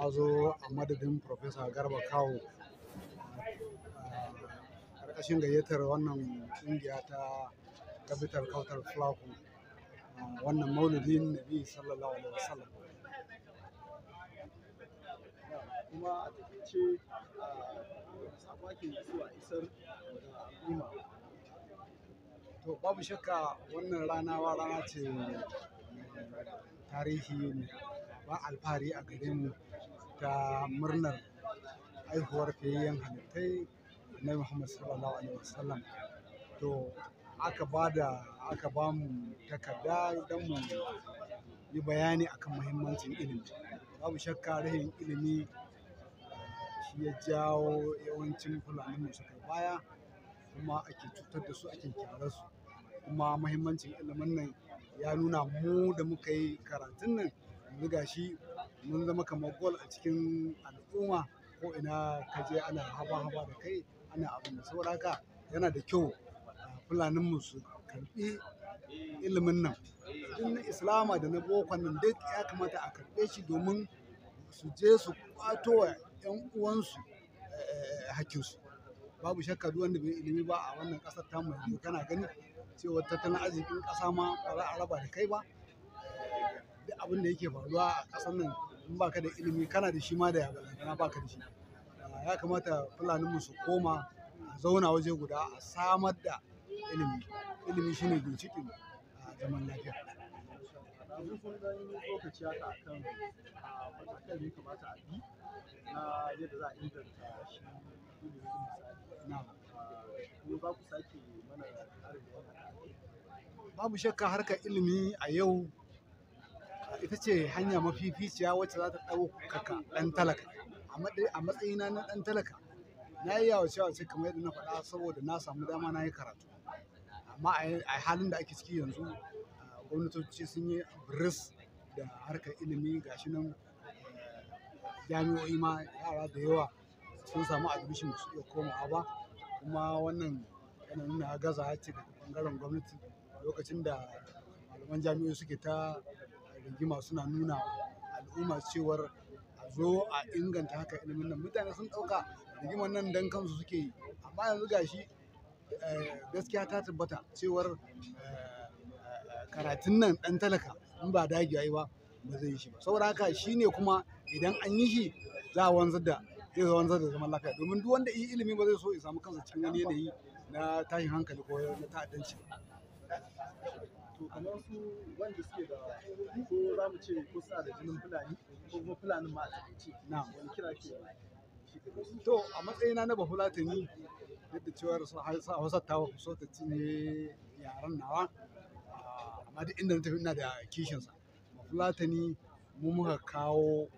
ya zo a madadin Profesa Garba Kawo ƙarƙashin gayyatar wannan ƙungiya ta kabitar kautar flaku wannan maulidin nabi sallallahu alaihi wasallam kuma a takaice sakwakin zuwa isar da al'umma to babu shakka wannan rana wa rana ce tarihi ba alfahari a gare mu ta murnar haihuwar fiyayyen halittai na Muhammad sallallahu alaihi wasallam to aka bada aka ba mu takarda don mu yi bayani akan muhimmancin ilimi babu shakka rahin ilimi eh, shi ya jawo yawancin fulanin mu suka baya kuma ake cutar da su ake kyarar su kuma muhimmancin ilimin nan ya nuna mu da muka yi karatun nan yanzu shi. mun zama kamar gol a cikin al'umma ko ina ka je ana haba-haba da kai ana abin da saboda yana da kyau ah, fulaninmu su karbi ilimin nan in na islama da na boko nan duk ya kamata a karbe shi domin su je su kwato wa 'yan uwansu eh, hakinsu babu shakka duk wanda bai ilimi ba a wannan kasar tamu yanzu kana gani cewa tattalin arzikin ƙasa ma ba za a raba da kai ba duk abin da yake faruwa a ƙasar nan in ba ka da ilimi kana da shi ma da ba ka da shi ah, ya kamata fulaninmu su koma a zauna waje guda a samar da ilimi ilimi shine a ah, zaman lafiya lokaci babu shakka harkar ilimi a yau ita ce hanya mafificiya wacce za ta ɗaukaka ɗan talaka a matsayina na ɗan talaka na yi cewa wace kamar yadda na faɗa saboda na samu dama na yi karatu amma a halin da ake ciki yanzu gwamnatoci sun yi biris da harkar ilimi shi nan eh, jami'o'i ma yara da yawa sun samu admission su iya komawa ba kuma wannan yana nuna gaza ce daga bangaren gwamnati lokacin da malaman jami'o'i suke ta rigima suna nuna al'umma cewar a zo a inganta haka ilimin nan mutane sun ɗauka rigiman nan dan kansu suke yi amma yanzu gashi eh, gaskiya ta tabbata cewar eh, karatun nan ɗan talaka in ba dagiya yi ba ba zai yi shi ba saboda haka ne kuma idan an yi shi za a wanzar da zai wanzar da zaman lafiya domin duk wanda yi ilimi ba zai so ya samu kansa cikin wani yanayi na tashin hankali ko na ta'addanci to kamar su wanda suke da ko za mu ce ko suna da jinin fulani ko kuma fulanin ma a na wani kira ke to a matsayina na bafulatani yadda cewar sun hausa ta wa kusa ta ci yaran nawa ah, amma duk inda na tafi ina da kishinsa bafulatani mu muka kawo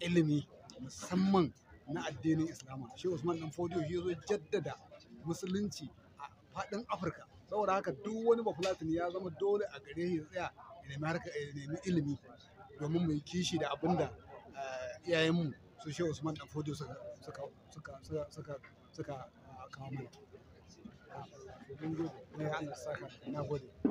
ilimi musamman na addinin islama shi usman dan fodiyo shi zo jaddada musulunci a faɗin afirka saboda haka duk wani bafulatani ya zama dole a gare ya tsaya ya nemi ilimi domin mu kishi da abin da eh, iyayenmu su shehu usman dan fodo suka ah, kawo mana. Ah, eh, Na